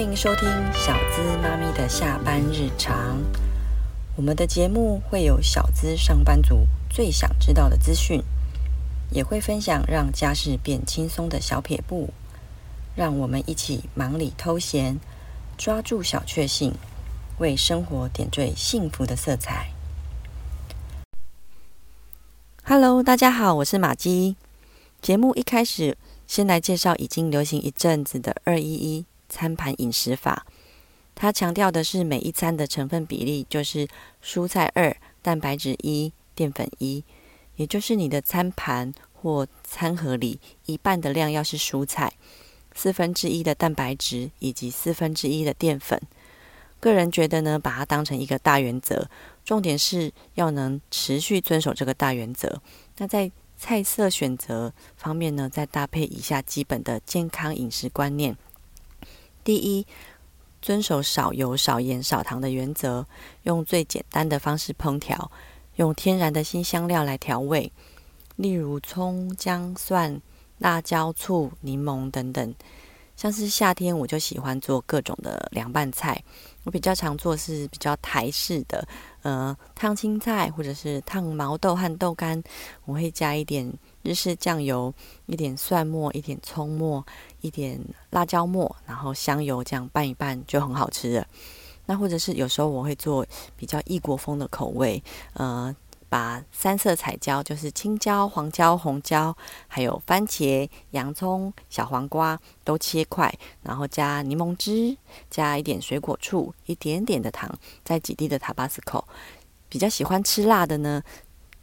歡迎收聽小資媽咪的下班日常。我們的節目會有小資上班族最想知道的資訊，也會分享讓家事變輕鬆的小撇步。讓我們一起忙裡偷閒，抓住小確幸，為生活點綴幸福的色彩。Hello，大家好，我是瑪姬。節目一開始，先來介紹已經流行一陣子的二一一餐盤飲食法，它強調的是每一餐的成分比例，就是蔬菜二、蛋白質一、澱粉一，也就是你的餐盤或餐盒裡一半的量要是蔬菜，四分之一的蛋白質以及四分之一的澱粉。個人覺得呢，把它當成一個大原則，重點是要能持續遵守這個大原則。那在菜色選擇方面呢，再搭配以下基本的健康飲食觀念。第一，遵守少油、少鹽、少糖的原則，用最簡單的方式烹調，用天然的辛香料來調味，例如蔥、薑、蒜、辣椒、醋、檸檬等等。像是夏天，我就喜歡做各種的涼拌菜，我比較常做是比較台式的，呃，燙青菜或者是燙毛豆和豆乾，我會加一點。日式醬油，一點蒜末，一點蔥末，一點辣椒末，然後香油這樣拌一拌就很好吃了。那或者是有時候我會做比較異國風的口味，呃，把三色彩椒就是青椒、黃椒、紅椒，還有番茄、洋蔥、小黃瓜都切塊，然後加檸檬汁，加一點水果醋，一點點的糖，再幾滴的塔巴斯科。比較喜歡吃辣的呢？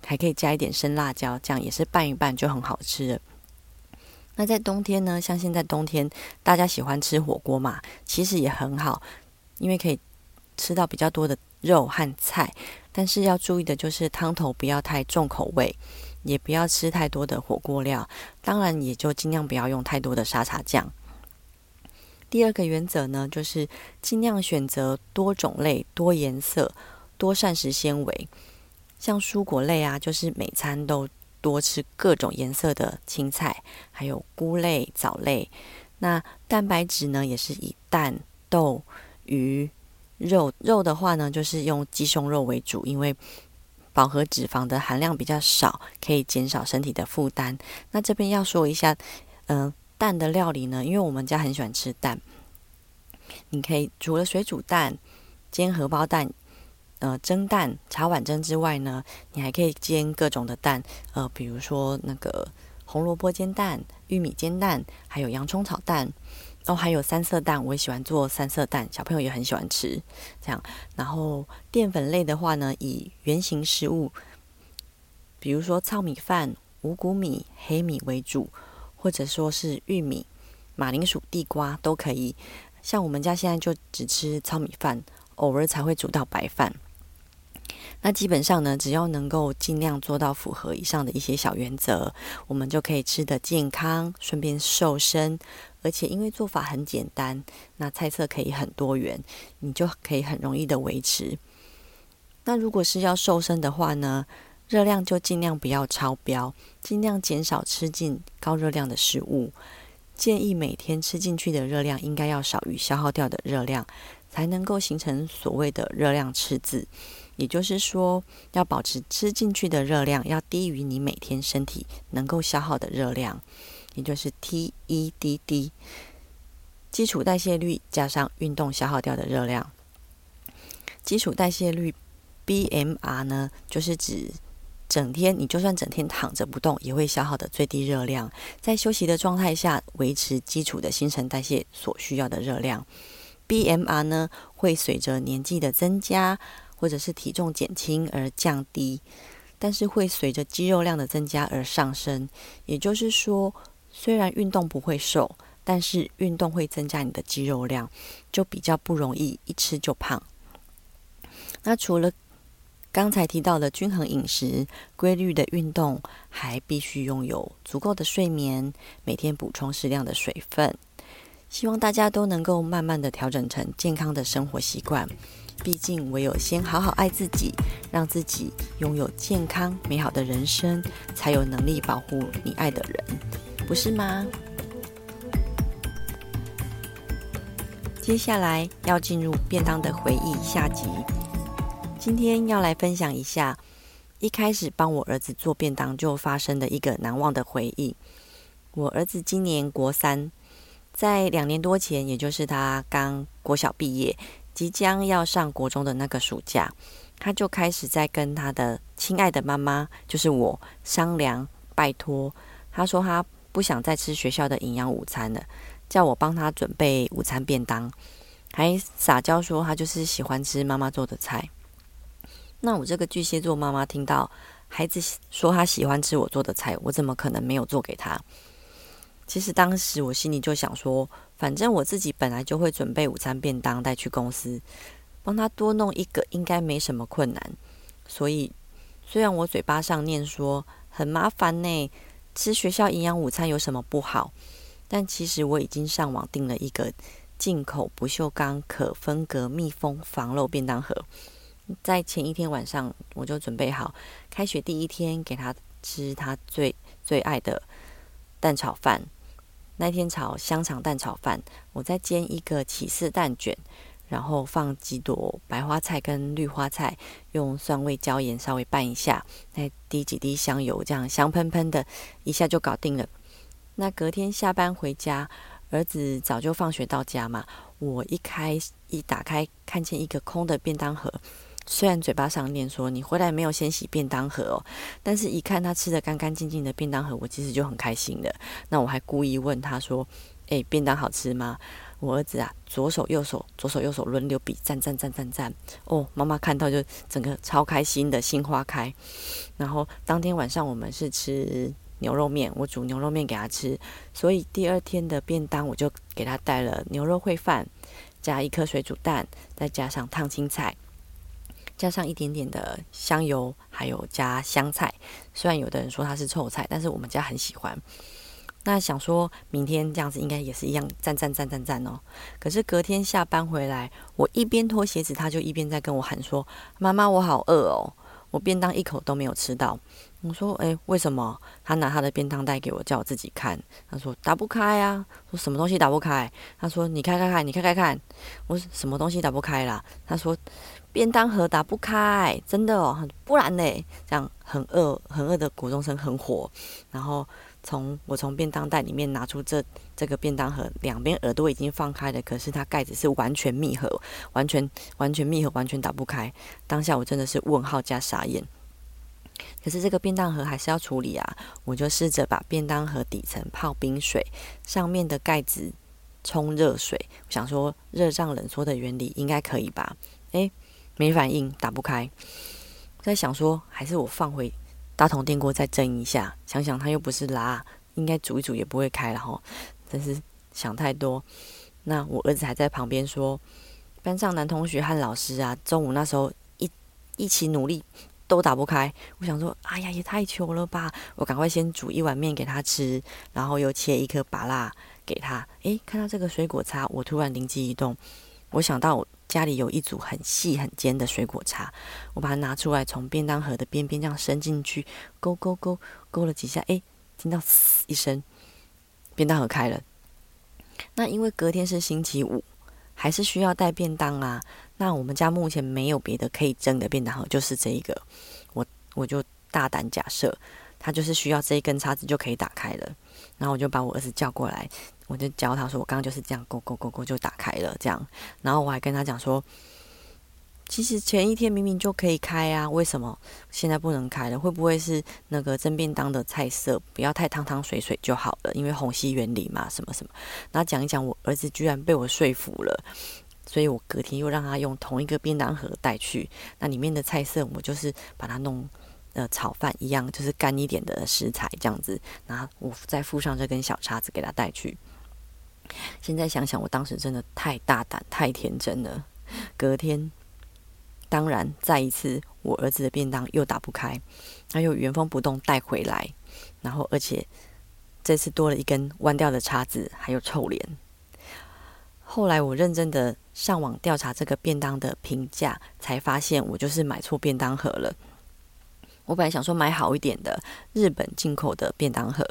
還可以加一點生辣椒醬，這樣也是拌一拌就很好吃了。那在冬天呢？像現在冬天，大家喜歡吃火鍋嘛，其實也很好，因為可以吃到比較多的肉和菜。但是要注意的就是湯頭不要太重口味，也不要吃太多的火鍋料，當然也就盡量不要用太多的沙茶醬。第二個原則呢，就是盡量選擇多種類、多顏色、多膳食纖維。像蔬果類啊，就是每餐都多吃各種顏色的青菜，還有菇類、藻類。那蛋白質呢，也是以蛋、豆、魚、肉。肉的話呢，就是用雞胸肉為主，因為飽和脂肪的含量比較少，可以減少身體的負擔。那這邊要說一下，嗯、呃，蛋的料理呢，因為我們家很喜歡吃蛋，你可以煮了水煮蛋，煎荷包蛋。呃，蒸蛋、茶碗蒸之外呢，你還可以煎各種的蛋，呃，比如說那個紅蘿蔔煎蛋、玉米煎蛋，還有洋蔥炒蛋，哦，還有三色蛋，我也喜歡做三色蛋，小朋友也很喜歡吃。這樣，然後澱粉類的話呢，以原型食物，比如說糙米飯、五穀米、黑米為主，或者說是玉米、馬鈴薯、地瓜都可以。像我們家現在就只吃糙米飯，偶爾才會煮到白飯。那基本上呢，只要能夠盡量做到符合以上的一些小原則，我們就可以吃得健康，順便瘦身。而且因為做法很簡單，那菜色可以很多元，你就可以很容易的維持。那如果是要瘦身的話呢，熱量就盡量不要超標，盡量減少吃進高熱量的食物。建議每天吃進去的熱量應該要少於消耗掉的熱量。才能夠形成所謂的熱量赤字，也就是說，要保持吃進去的熱量要低於你每天身體能夠消耗的熱量，也就是 TEDD，基礎代謝率加上運動消耗掉的熱量。基礎代謝率 BMR 呢，就是指整天你就算整天躺着不動，也會消耗的最低熱量，在休息的狀態下維持基礎的新陳代謝所需要的熱量。BMR 呢，會隨着年紀的增加或者是體重減輕而降低，但是會隨着肌肉量的增加而上升。也就是說，雖然運動不會瘦，但是運動會增加你的肌肉量，就比較不容易一吃就胖。那除了剛才提到的均衡飲食、規律的運動，還必須擁有足夠的睡眠，每天補充適量的水分。希望大家都能夠慢慢的調整成健康的生活習慣，畢竟唯有先好好愛自己，讓自己擁有健康美好的人生，才有能力保護你愛的人，不是嗎？接下來要進入便當的回憶下集，今天要來分享一下，一開始幫我兒子做便當就發生的一個難忘的回憶。我兒子今年國三。在兩年多前，也就是他剛國小畢業，即將要上國中的那個暑假，他就開始在跟他的親愛的媽媽，就是我商量，拜託。他說他不想再吃學校的營養午餐了，叫我幫他準備午餐便當，還撒嬌說他就是喜歡吃媽媽做的菜。那我這個巨蟹座媽媽聽到孩子說他喜歡吃我做的菜，我怎麼可能沒有做給他？其實當時我心裡就想說，反正我自己本來就會準備午餐便當帶去公司，幫他多弄一個應該沒什麼困難。所以雖然我嘴巴上念說很麻煩呢，吃學校營養午餐有什麼不好？但其實我已經上網訂了一個進口不鏽鋼可分隔密封防漏便當盒，在前一天晚上我就準備好，開學第一天給他吃他最最愛的蛋炒飯。那天炒香腸蛋炒飯，我再煎一個起司蛋卷，然後放幾朵白花菜跟綠花菜，用蒜味椒鹽稍微拌一下，再滴幾滴香油，這樣香噴噴的，一下就搞定了。那隔天下班回家，兒子早就放學到家嘛，我一開，一打開，看見一個空的便當盒。雖然嘴巴上念說，你回來沒有先洗便當盒哦？但是一看他吃的干干淨淨的便當盒，我其實就很開心的。那我還故意問他說：“誒，便當好吃嗎？”我兒子啊，左手右手左手右手輪流比讚、讚、讚、讚、讚，讚哦！媽媽看到就整個超開心的，心花開。然後當天晚上我們是吃牛肉麵，我煮牛肉面給他吃，所以第二天的便當我就給他帶了牛肉燴飯，加一顆水煮蛋，再加上燙青菜。加上一點點的香油，還有加香菜。雖然有的人說它是臭菜，但是我們家很喜歡。那想說明天這樣子應該也是一樣讚讚讚讚讚哦。可是隔天下班回來，我一邊脫鞋子，他就一邊在跟我喊說：“媽媽，我好餓哦，我便當一口都沒有吃到。”我說：“欸，為什麼？”他拿他的便當袋給我，叫我自己看。他說：“打不開呀。”說：“什麼東西打不開？”他說：“你開開看，你開開看。”我說：“什麼東西打不開啦？”他說。便當盒打不開，真的哦，很不然呢、欸？這樣很餓、很餓的國中生很火。然後從我從便當袋裡面拿出這這個便當盒，兩邊耳朵已經放開了，可是它蓋子是完全密合，完全完全密合，完全打不開。當下我真的是問號加傻眼。可是這個便當盒還是要處理啊，我就試着把便當盒底層泡冰水，上面的蓋子沖熱水，我想說熱脹冷縮的原理應該可以吧？誒。沒反應，打不開。在想說，還是我放回大同電鍋再蒸一下。想想它又不是蠟，應該煮一煮也不會開。然後，真是想太多。那我兒子還在旁邊說，班上男同學和老師啊，中午那時候一一起努力都打不開。我想說，哎呀，也太糗了吧！我趕快先煮一碗麵給他吃，然後又切一顆芭樂給他。哎，看到這個水果叉，我突然靈機一動。我想到我家裡有一組很細很尖的水果叉，我把它拿出來，從便當盒的邊邊這樣伸進去，勾勾勾，勾勾了幾下，誒、欸，聽到嘶嘶一聲，便當盒開了。那因為隔天是星期五，還是需要帶便當啊。那我們家目前沒有別的可以蒸的便當盒，就是這一個，我我就大膽假設，它就是需要這一根叉子就可以打開了。然後我就把我兒子叫過來，我就教他說：“我剛剛就是這樣，勾勾勾勾就打開了。”這樣，然後我還跟他講說：“其實前一天明明就可以開啊，為什麼現在不能開了？會不會是那個蒸便當的菜色不要太湯湯水水就好了？因為虹吸原理嘛，什麼什麼。”然後講一講，我兒子居然被我說服了，所以我隔天又讓他用同一個便當盒帶去，那裡面的菜色我就是把它弄。的炒飯一樣，就是乾一點的食材這樣子，然後我再附上這根小叉子給他帶去。現在想想，我當時真的太大膽、太天真了。隔天，當然再一次，我兒子的便當又打不開，他又原封不動帶回來，然後而且這次多了一根彎掉的叉子，還有臭臉。後來我認真的上網調查這個便當的評價，才發現我就是買錯便當盒了。我本來想說買好一點的日本進口的便當盒，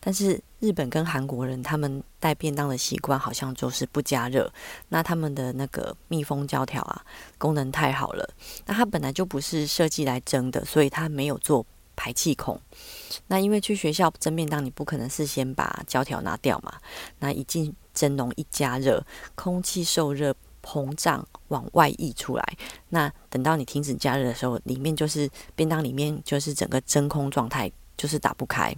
但是日本跟韓國人他們帶便當的習慣好像就是不加熱，那他們的那個密封膠條啊，功能太好了，那它本來就不是設計來蒸的，所以它沒有做排氣孔。那因為去學校蒸便當，你不可能事先把膠條拿掉嘛，那一進蒸籠一加熱，空氣受熱，膨脹往外溢出來，那等到你停止加熱的時候，裡面就是便當裡面就是整個真空狀態，就是打不開。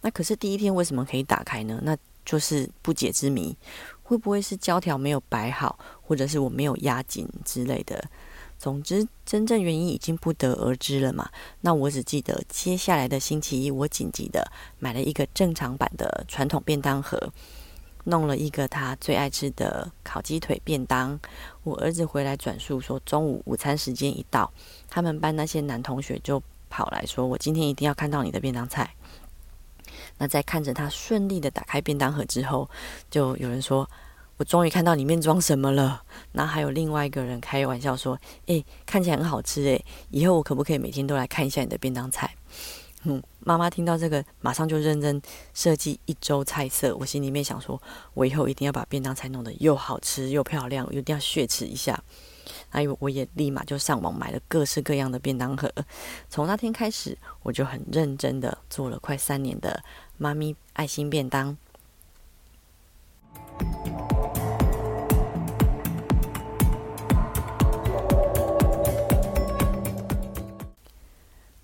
那可是第一天為什麼可以打開呢？那就是不解之謎。會不會是膠條沒有擺好，或者是我沒有壓緊之類的？總之，真正原因已經不得而知了嘛。那我只記得接下來的星期一，我緊急的買了一個正常版的傳統便當盒，弄了一個他最愛吃的。烤雞腿便當，我兒子回來轉述說，中午午餐時間一到，他們班那些男同學就跑來說：“我今天一定要看到你的便當菜。”那在看着他順利的打開便當盒之後，就有人說：“我終於看到裡面裝什麼了。”那還有另外一個人開玩笑說：“哎、欸，看起來很好吃誒，以後我可不可以每天都來看一下你的便當菜？”哼、嗯。媽媽聽到這個，馬上就認真設計一周菜色。我心裡面想說，我以後一定要把便當菜弄得又好吃又漂亮，又一定要雪恥一下。還有，我也立馬就上網買了各式各樣的便當盒。從那天開始，我就很認真的做了快三年的媽咪愛心便當。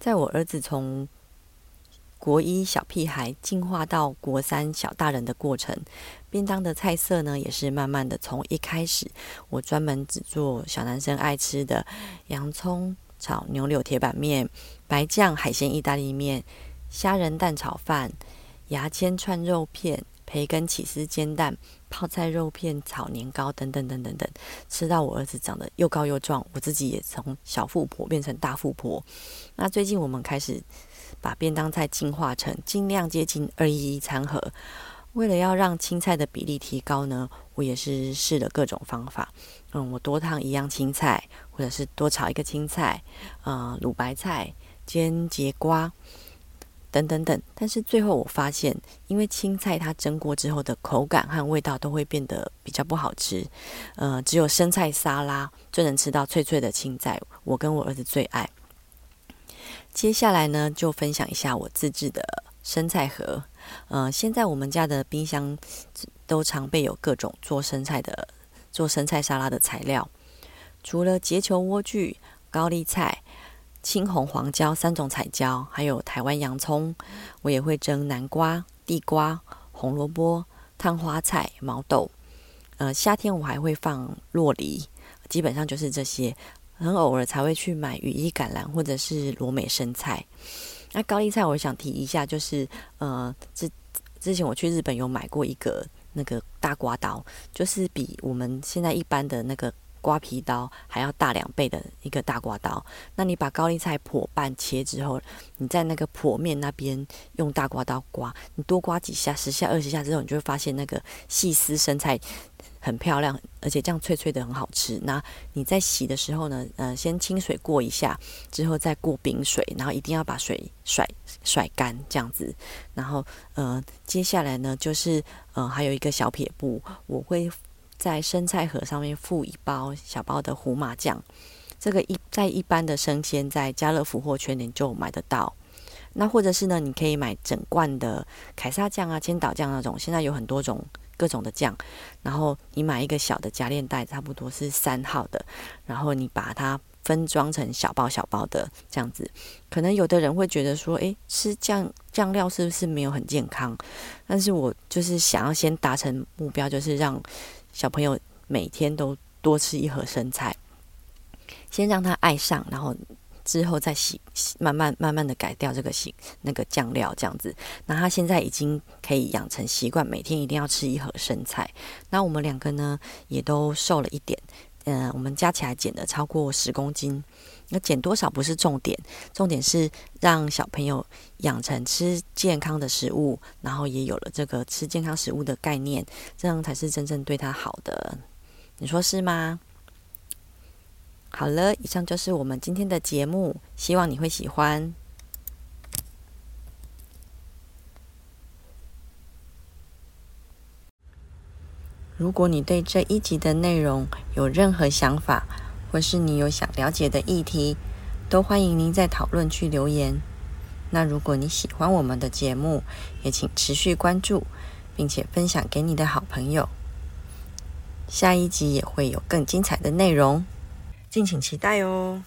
在我兒子從國一小屁孩進化到國三小大人的過程，便當的菜色呢，也是慢慢的從一開始我專門只做小男生愛吃的洋蔥炒牛柳鐵板麵、白醬海鮮意大利麵、蝦仁蛋炒飯、牙籤串肉片、培根起司煎蛋、泡菜肉片炒年糕等等等等等，吃到我兒子長得又高又壯，我自己也從小富婆變成大富婆。那最近我們開始。把便當菜進化成盡量接近二一一餐盒。為了要讓青菜的比例提高呢，我也是試了各種方法。嗯，我多燙一樣青菜，或者是多炒一個青菜，呃，滷白菜、煎節瓜等等等。但是最後我發現，因為青菜它蒸過之後的口感和味道都會變得比較不好吃。呃，只有生菜沙拉就能吃到脆脆的青菜，我跟我兒子最愛。接下來呢，就分享一下我自製的生菜盒。呃，現在我們家的冰箱都常備有各種做生菜的、做生菜沙拉的材料，除了結球萵苣、高麗菜、青紅黃椒三種彩椒，還有台灣洋蔥。我也會蒸南瓜、地瓜、紅蘿蔔、燙花菜、毛豆。呃，夏天我還會放酪梨。基本上就是這些。很偶爾才會去買羽衣甘藍或者是羅美生菜。那高麗菜，我想提一下，就是呃，之之前我去日本有買過一個那個大刮刀，就是比我們現在一般的那個。刮皮刀還要大兩倍的一個大刮刀，那你把高麗菜剖半切之後，你在那個剖面那邊用大刮刀刮，你多刮幾下，十下二十下之後，你就會發現那個細絲生菜很漂亮，而且這樣脆脆的很好吃。那你在洗的時候呢，呃，先清水過一下，之後再過冰水，然後一定要把水甩甩乾這樣子。然後呃，接下來呢就是呃，還有一個小撇步，我會。在生菜盒上面附一包小包的胡麻醬，這個一在一般的生鮮，在家樂福或全聯就買得到。那或者是呢，你可以買整罐的凱撒醬啊、千島醬那種，現在有很多種各種的醬。然後你買一個小的夾鏈袋，差不多是三號的，然後你把它。分裝成小包小包的這樣子，可能有的人會覺得說，誒、欸，吃醬醬料是不是沒有很健康？但是我就是想要先達成目標，就是讓小朋友每天都多吃一盒生菜，先讓他愛上，然後之後再習慢慢慢慢的改掉這個習那個醬料這樣子。那他現在已經可以養成習慣，每天一定要吃一盒生菜。那我們兩個呢，也都瘦了一點。嗯，我們加起來減的超過十公斤。那減多少不是重點，重點是讓小朋友養成吃健康的食物，然後也有了這個吃健康食物的概念，這樣才是真正對他好的。你說是嗎？好了，以上就是我們今天的節目，希望你會喜歡。如果你對這一集的內容有任何想法，或是你有想了解的議題，都歡迎您在討論區留言。那如果你喜歡我們的節目，也請持續關注，並且分享給你的好朋友。下一集也會有更精彩的內容，敬請期待哦。